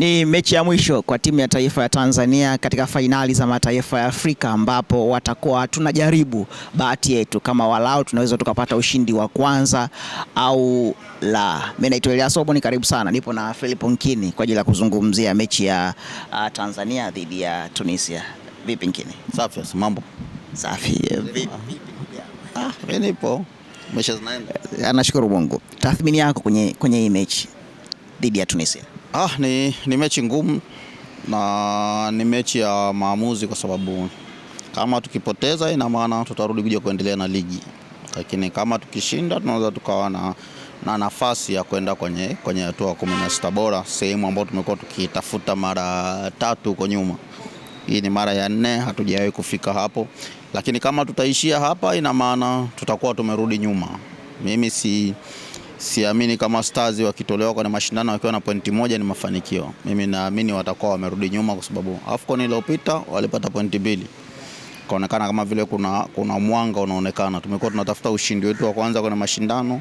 Ni mechi ya mwisho kwa timu ya taifa ya Tanzania katika fainali za mataifa ya Afrika ambapo watakuwa tunajaribu bahati yetu kama walau tunaweza tukapata ushindi wa kwanza au la. Mimi naitwa Elias ni karibu sana, nipo na Philip Nkini kwa ajili ya kuzungumzia mechi ya uh, Tanzania dhidi ya Tunisia. Vipi Nkini? Safi, mambo? Safi. Eh, ah, nipo. mimi zinaenda. Anashukuru Mungu. Tathmini yako kwenye kwenye hii mechi dhidi ya Tunisia? Ah, ni, ni mechi ngumu na ni mechi ya maamuzi, kwa sababu kama tukipoteza ina maana tutarudi kuja kuendelea na ligi, lakini kama tukishinda tunaweza tukawa na, na nafasi ya kwenda kwenye kwenye hatua kumi na sita bora, sehemu ambayo tumekuwa tukitafuta mara tatu huko nyuma. Hii ni mara ya nne, hatujawahi kufika hapo, lakini kama tutaishia hapa ina maana tutakuwa tumerudi nyuma. Mimi si Siamini kama Stars wakitolewa kwenye mashindano wakiwa na pointi moja ni mafanikio. Mimi naamini watakuwa wamerudi nyuma, kwa sababu AFCON iliyopita walipata pointi mbili, kaonekana kama vile kuna, kuna mwanga unaonekana. Tumekuwa tunatafuta ushindi wetu wa kwanza kwenye mashindano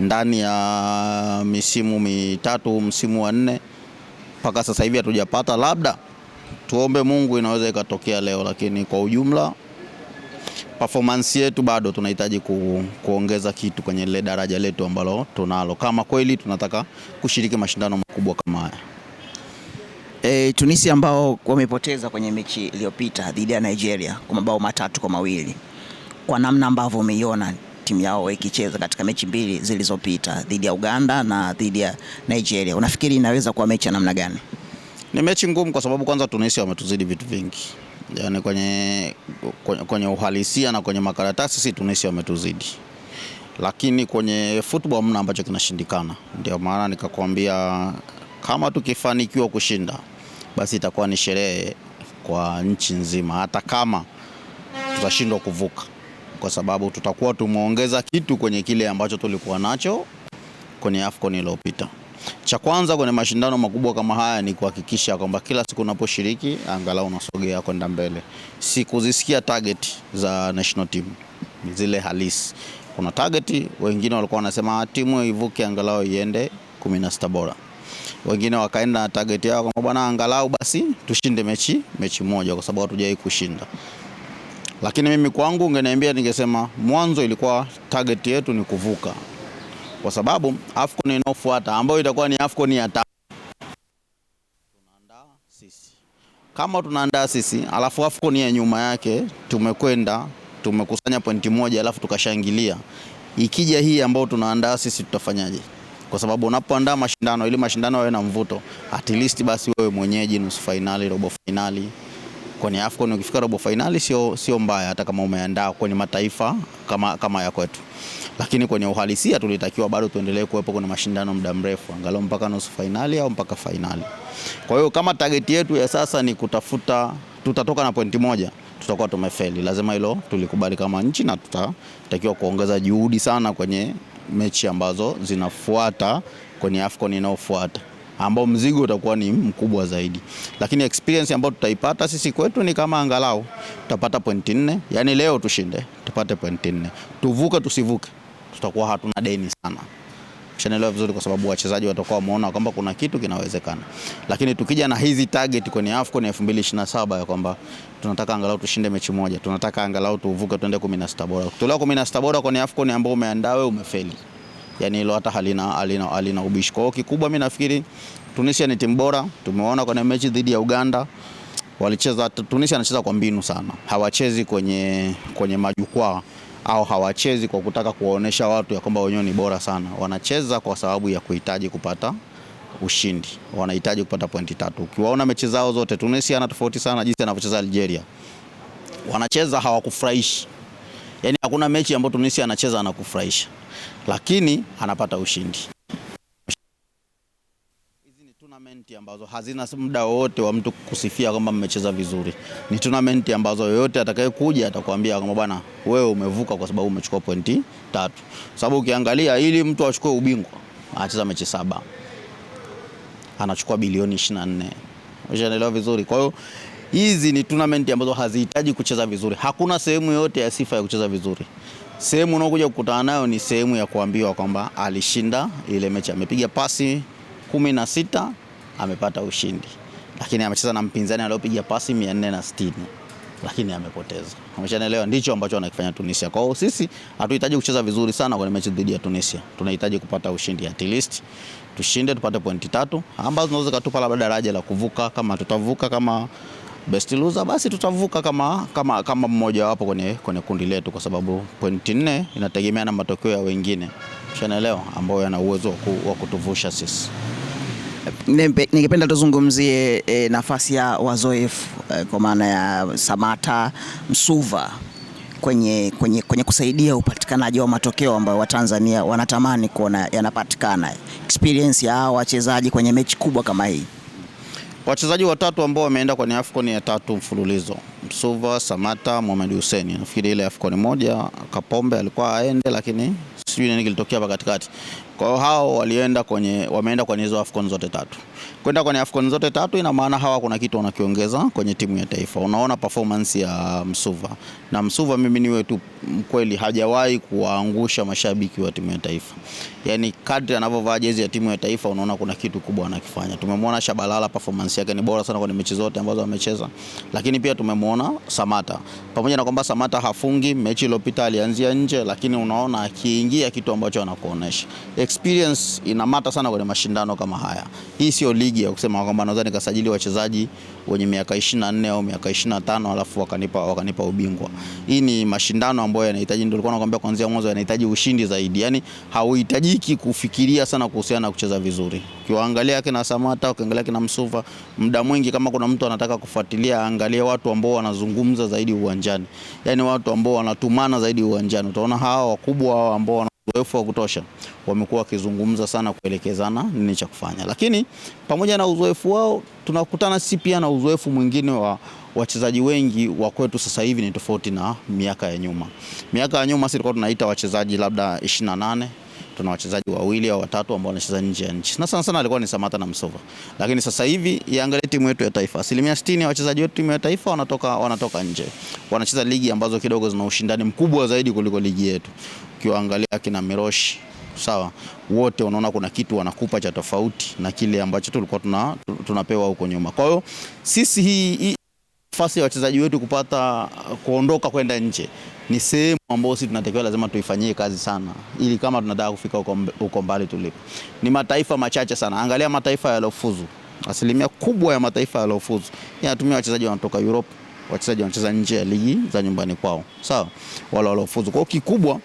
ndani ya misimu mitatu, msimu wa nne, mpaka sasa hivi hatujapata. Labda tuombe Mungu, inaweza ikatokea leo, lakini kwa ujumla performance yetu bado tunahitaji ku, kuongeza kitu kwenye ile daraja letu ambalo tunalo kama kweli tunataka kushiriki mashindano makubwa kama haya. E, Tunisia ambao wamepoteza kwenye mechi iliyopita dhidi ya Nigeria kwa mabao matatu kwa mawili, kwa namna ambavyo umeiona timu yao ikicheza katika mechi mbili zilizopita dhidi ya Uganda na dhidi ya Nigeria, unafikiri inaweza kuwa mechi ya namna gani? Ni mechi ngumu kwa sababu kwanza Tunisia wametuzidi vitu vingi yani kwenye, kwenye, kwenye uhalisia na kwenye makaratasi sisi Tunisia wametuzidi, lakini kwenye football mna ambacho kinashindikana. Ndio maana nikakwambia kama tukifanikiwa kushinda basi itakuwa ni sherehe kwa nchi nzima, hata kama tutashindwa kuvuka, kwa sababu tutakuwa tumeongeza kitu kwenye kile ambacho tulikuwa nacho kwenye AFCON iliyopita. Cha kwanza kwenye mashindano makubwa kama haya ni kuhakikisha kwamba kila siku unaposhiriki angalau unasogea kwenda mbele. Si kuzisikia target za national team, ni zile halisi. Kuna target, wengine walikuwa wanasema ah, timu ivuke angalau iende 16 bora, wengine wakaenda target yao kwamba bwana, angalau basi tushinde mechi mechi moja, kwa sababu hatujai kushinda lakini mimi kwangu ungeniambia, ningesema mwanzo ilikuwa target yetu ni kuvuka, kwa sababu AFCON inayofuata ambayo itakuwa ni AFCON ya tano tunaandaa sisi kama tunaandaa sisi, alafu AFCON ya nyuma yake tumekwenda tumekusanya pointi moja, alafu tukashangilia. Ikija hii ambayo tunaandaa sisi tutafanyaje? Kwa sababu unapoandaa mashindano ili mashindano yawe na mvuto, at least basi wewe mwenyeji, nusu fainali, robo fainali kwenye AFCON ukifika robo fainali sio, sio mbaya hata kama umeandaa kwenye mataifa kama, kama ya kwetu, lakini kwenye uhalisia tulitakiwa bado tuendelee kuwepo kwenye mashindano muda mrefu, angalau mpaka nusu finali au mpaka finali. Kwa hiyo kama target yetu ya sasa ni kutafuta, tutatoka na pointi moja tutakuwa tumefeli. Lazima hilo tulikubali kama nchi, na tutatakiwa kuongeza juhudi sana kwenye mechi ambazo zinafuata kwenye AFCON inayofuata ambao mzigo utakuwa ni mkubwa zaidi, lakini experience ambayo tutaipata sisi kwetu ni kama angalau tutapata pointi nne, yani leo tushinde tupate pointi nne, tuvuke tusivuke, tutakuwa hatuna deni sana chanelewa vizuri kwa sababu wachezaji watakuwa wameona kwamba kuna kitu kinawezekana, lakini tukija na hizi target kwenye AFCON 2027 ya kwamba tunataka angalau tushinde mechi moja, tunataka angalau tuvuke tuende 16 bora. Kutolewa 16 bora kwenye AFCON ambao umeandaa wewe umefeli yani hilo hata halina, halina, halina ubishi. Kwa hiyo kikubwa mimi nafikiri Tunisia ni timu bora, tumeona kwenye mechi dhidi ya Uganda walicheza, Tunisia anacheza kwa mbinu sana, hawachezi kwenye, kwenye majukwaa au hawachezi kwa kutaka kuwaonesha watu ya kwamba wenyewe ni bora sana. Wanacheza kwa sababu ya kuhitaji kupata ushindi, wanahitaji kupata pointi tatu. Ukiwaona mechi zao zote, Tunisia ana tofauti sana jinsi anavyocheza Algeria, wanacheza hawakufurahishi Yaani hakuna mechi ambayo Tunisia anacheza anakufurahisha, lakini anapata ushindi. Hizi ni tournament ambazo hazina muda wowote wa mtu kusifia kwamba mmecheza vizuri. Ni tournament ambazo yoyote atakayekuja atakwambia kwamba bwana, wewe umevuka kwa sababu umechukua pointi tatu, sababu ukiangalia ili mtu achukue ubingwa anacheza mechi saba, anachukua bilioni 24. Ushaelewa vizuri, kwa hiyo hizi ni tournament ambazo hazihitaji kucheza vizuri. Hakuna sehemu yoyote ya sifa ya kucheza vizuri. Sehemu unaokuja kukutana nayo ni sehemu ya kuambiwa kwamba alishinda ile mechi, amepiga pasi kumi na sita amepata ushindi, lakini amecheza na mpinzani aliyopiga pasi mia nne na sitini lakini amepoteza. Umeshaelewa, ndicho ambacho anakifanya Tunisia. Kwa hiyo sisi hatuhitaji kucheza vizuri sana kwenye mechi dhidi ya Tunisia, tunahitaji kupata ushindi, at least tushinde, tupate pointi tatu ambazo zinaweza kutupa labda daraja la kuvuka, kama tutavuka, kama best loser, basi tutavuka kama, kama, kama mmoja wapo kwenye, kwenye kundi letu, kwa sababu pointi nne inategemea na matokeo ya wengine shanaelewa, ambayo yana uwezo wa kutuvusha sisi. Ningependa tuzungumzie e, nafasi ya wazoefu e, kwa maana ya Samata Msuva kwenye, kwenye, kwenye kusaidia upatikanaji wa matokeo ambayo Watanzania wanatamani kuona yanapatikana, experience ya hao wachezaji kwenye mechi kubwa kama hii. Wachezaji watatu ambao wameenda kwenye AFCON ya tatu mfululizo, Msuva, Samata, Mohamed Hussein. Nafikiri ile AFCON moja Kapombe alikuwa aende, lakini sijui nini kilitokea hapa katikati. Kwa hiyo hao walienda kwenye, wameenda kwenye hizo Afcon zote tatu. Kwenda kwenye Afcon zote tatu ina maana hawa kuna kitu wanakiongeza kwenye timu ya taifa. Unaona performance ya Msuva na Msuva, mimi niwe tu mkweli, hajawahi kuwaangusha mashabiki wa timu ya taifa. Yani kadri anavyovaa jezi ya timu ya taifa unaona kuna kitu kubwa anakifanya. Tumemwona Shabalala, performance yake ni bora sana kwenye mechi zote ambazo amecheza, lakini pia tumemwona Samata, pamoja na kwamba Samata hafungi, mechi iliyopita alianzia nje, lakini unaona akiingia kitu ambacho anakuonesha experience inamata sana kwenye mashindano kama haya. Hii sio ligi ya kusema kwamba naweza nikasajili wachezaji wenye miaka 24 au miaka 25 alafu wakanipa wakanipa ubingwa. Hii ni mashindano ambayo yanahitaji, ndio nilikuwa nakwambia kuanzia mwanzo, yanahitaji ushindi zaidi. Yaani hauhitajiki kufikiria sana kuhusiana na kucheza vizuri. Ukiwaangalia kina Samata, ukiangalia kina Msuva, muda mwingi kama kuna mtu anataka kufuatilia, angalie watu ambao wanazungumza zaidi uwanjani, Yaani watu ambao wanatumana zaidi uwanjani, utaona hawa wakubwa hawa ambao uzoefu wa kutosha, wamekuwa wakizungumza sana kuelekezana nini cha kufanya. Lakini pamoja na uzoefu wao, tunakutana si pia na uzoefu mwingine wa wachezaji wengi wa kwetu sasa hivi ni tofauti na miaka ya nyuma. Miaka ya nyuma sisi tulikuwa tunaita wachezaji labda 28 tuna wachezaji wawili au watatu ambao wanacheza nje ya nchi, na sana sana alikuwa ni Samata na Msova. Lakini sasa hivi iangalie timu yetu ya taifa, asilimia 60 ya wachezaji wetu timu ya taifa wanatoka, wanatoka nje, wanacheza ligi ambazo kidogo zina ushindani mkubwa zaidi kuliko ligi yetu. Ukiwaangalia kina Miroshi sawa, wote unaona kuna kitu wanakupa cha tofauti na kile ambacho tulikuwa tuna, tunapewa huko nyuma. Kwa hiyo sisi hii nafasi ya wachezaji wetu kupata kuondoka kwenda nje ni sehemu ambayo sisi tunatakiwa lazima tuifanyie kazi sana, ili kama tunataka kufika huko mbali tulipo. Ni mataifa machache sana, angalia mataifa yalofuzu, asilimia kubwa ya mataifa yalofuzu yanatumia wachezaji wanatoka Europe, wachezaji wanacheza nje ya ligi za nyumbani kwao, sawa, wale walofuzu. Kwa kikubwa,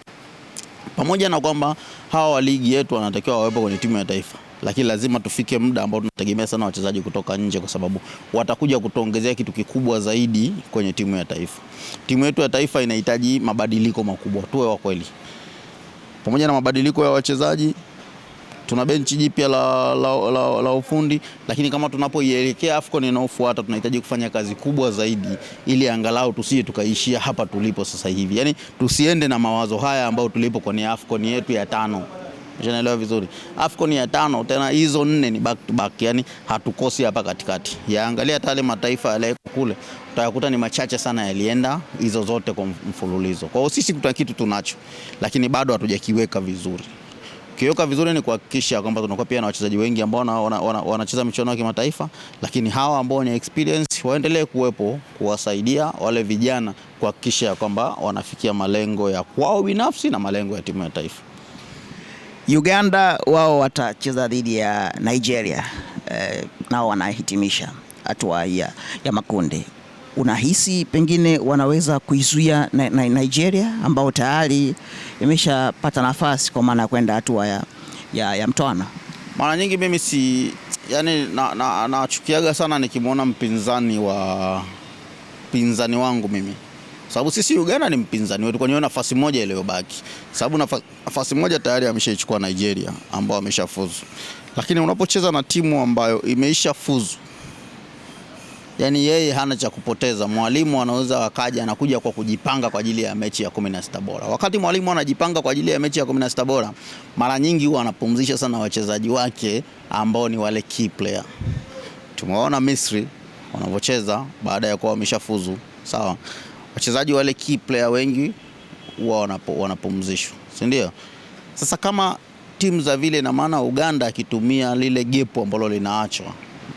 pamoja na kwamba hawa wa ligi yetu wanatakiwa wawepo kwenye timu ya taifa lakini lazima tufike muda ambao tunategemea sana wachezaji kutoka nje, kwa sababu watakuja kutuongezea kitu kikubwa zaidi kwenye timu ya taifa. Timu yetu ya taifa inahitaji mabadiliko makubwa, tuwe wa kweli. Pamoja na mabadiliko ya wachezaji, tuna benchi jipya la, la, la, la ufundi, lakini kama tunapoielekea AFCON inayofuata tunahitaji kufanya kazi kubwa zaidi, ili angalau tusije tukaishia hapa tulipo sasa hivi, yaani tusiende na mawazo haya ambayo tulipo kwenye AFCON yetu ya tano. Ushanaelewa vizuri. Afcon ya tano tena hizo nne ni back to back, yani hatukosi hapa katikati. Yaangalia hata yale mataifa yale kule utayakuta ni machache sana yalienda hizo zote kwa mfululizo. Kwa hiyo sisi kuna kitu tunacho, lakini bado hatujakiweka vizuri. Kiweka vizuri ni kuhakikisha kwamba tunakuwa pia na wachezaji wengi ambao wanacheza wana, wana michuano ya kimataifa, lakini hawa ambao ni experience waendelee kuwepo kuwasaidia wale vijana kuhakikisha kwamba wanafikia malengo ya kwao binafsi na malengo ya timu ya taifa. Uganda wao watacheza dhidi ya Nigeria eh, nao wanahitimisha hatua ya, ya makundi. Unahisi pengine wanaweza kuizuia na, na Nigeria ambao tayari imeshapata nafasi kwa maana ya kwenda hatua ya, ya, ya mtoano? Mara nyingi mimi si yani nachukiaga na, na sana nikimwona mpinzani wa mpinzani wangu mimi sababu sisi Uganda ni mpinzani wetu, kwa kwani nafasi moja iliyobaki, sababu nafasi moja tayari ameshaichukua Nigeria ambao ameshafuzu. Lakini unapocheza na timu ambayo imeisha fuzu, yani yeye hana cha kupoteza. Mwalimu anaweza akaja, anakuja kwa kujipanga kwa ajili ya mechi ya 16 bora. Wakati mwalimu anajipanga kwa ajili ya mechi ya 16 bora, mara nyingi huwa anapumzisha sana wachezaji wake ambao ni wale key player. Tumeona Misri wanavyocheza baada ya kuwa wameshafuzu, sawa so, wachezaji wale key player wengi huwa wanapumzishwa, si ndio? Sasa kama timu za vile, na maana Uganda akitumia lile gepo ambalo linaachwa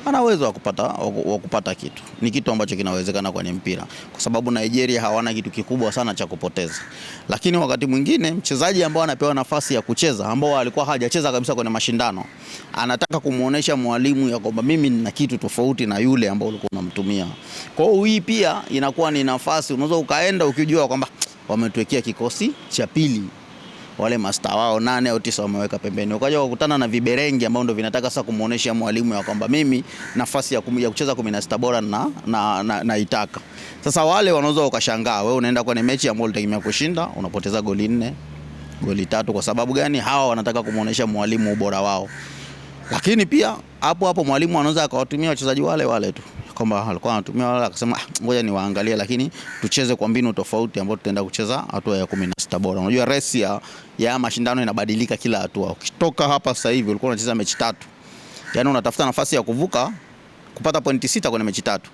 ana uwezo wa kupata, wa kupata kitu. Ni kitu ambacho kinawezekana kwenye mpira, kwa sababu Nigeria hawana kitu kikubwa sana cha kupoteza. Lakini wakati mwingine mchezaji ambao anapewa nafasi ya kucheza, ambao alikuwa hajacheza kabisa kwenye mashindano, anataka kumuonesha mwalimu ya kwamba mimi nina kitu tofauti na yule ambao ulikuwa unamtumia. Kwa hiyo hii pia inakuwa ni nafasi, unaweza ukaenda ukijua kwamba wametuwekea kikosi cha pili wale masta wao nane au tisa wameweka pembeni, ukaja kukutana na viberengi ambao ndio vinataka sasa kumuonesha mwalimu ya kwamba mimi nafasi ya, kum, ya kucheza 16 bora na, na, na, na itaka sasa. Wale wanaweza wakashangaa, wewe unaenda kwenye mechi ambayo ulitegemea kushinda, unapoteza goli nne goli tatu. Kwa sababu gani? Hawa wanataka kumuonesha mwalimu ubora wao, lakini pia hapo hapo mwalimu anaweza akawatumia wachezaji wale wale tu kwamba alikuwa anatumia wala akasema ah, ngoja niwaangalie, lakini tucheze kwa mbinu tofauti ambayo tutaenda kucheza hatua ya 16 bora. Unajua resi ya, ya mashindano inabadilika kila hatua. Ukitoka hapa sasa hivi ulikuwa unacheza mechi tatu, yani unatafuta nafasi ya kuvuka kupata pointi sita kwenye mechi tatu.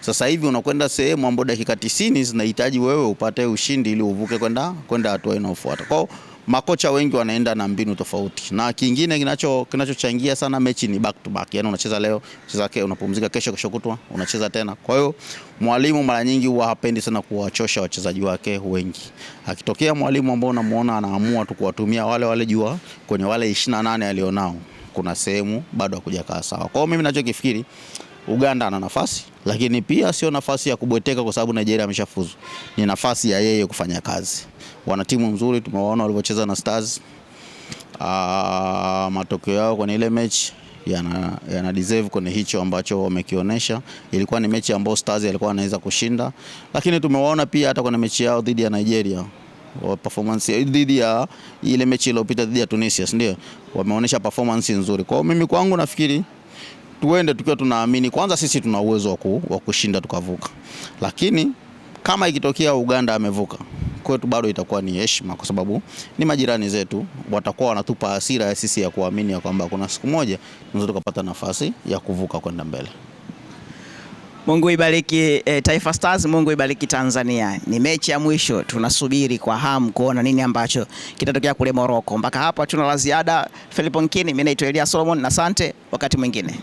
Sasa hivi unakwenda sehemu ambayo dakika 90 zinahitaji wewe upate ushindi ili uvuke kwenda kwenda hatua inayofuata kwao makocha wengi wanaenda na mbinu tofauti, na kingine kinacho kinachochangia sana mechi ni back to back, yani unacheza leo unacheza kesho, unapumzika kesho, kesho kutwa unacheza tena. Kwa hiyo mwalimu mara nyingi huwa hapendi sana kuwachosha wachezaji wake wengi. Akitokea mwalimu ambao unamuona anaamua tu kuwatumia wale wale jua kwenye wale 28 alionao, kuna sehemu bado hakujakaa sawa. Kwa hiyo mimi nachokifikiri Uganda ana nafasi lakini pia sio nafasi ya kubweteka kwa sababu Nigeria ameshafuzu. Ni nafasi ya yeye kufanya kazi. Wana timu nzuri, tumewaona walivyocheza na Stars. Aa, ah, matokeo yao kwenye ile mechi yana, yana deserve kwenye hicho ambacho wamekionyesha. Ilikuwa ni mechi ambayo Stars alikuwa anaweza kushinda, lakini tumewaona pia hata kwenye mechi yao dhidi ya Nigeria performance dhidi ya ile mechi iliyopita dhidi ya Tunisia, ndio wameonyesha performance nzuri. Kwa hiyo mimi kwangu nafikiri tuende tukiwa tunaamini kwanza sisi tuna uwezo wa kushinda tukavuka, lakini kama ikitokea Uganda amevuka kwetu bado itakuwa ni heshima, kwa sababu ni majirani zetu, watakuwa wanatupa hasira ya sisi ya kuamini ya kwamba kuna siku moja tunaweza tukapata nafasi ya kuvuka kwenda mbele. Mungu ibariki eh, Taifa Stars, Mungu ibariki Tanzania. Ni mechi ya mwisho, tunasubiri kwa hamu kuona nini ambacho kitatokea kule Morocco. Mpaka hapa hatuna la ziada. Filipo Nkini, mimi naitwa Elia Solomon na sante, wakati mwingine.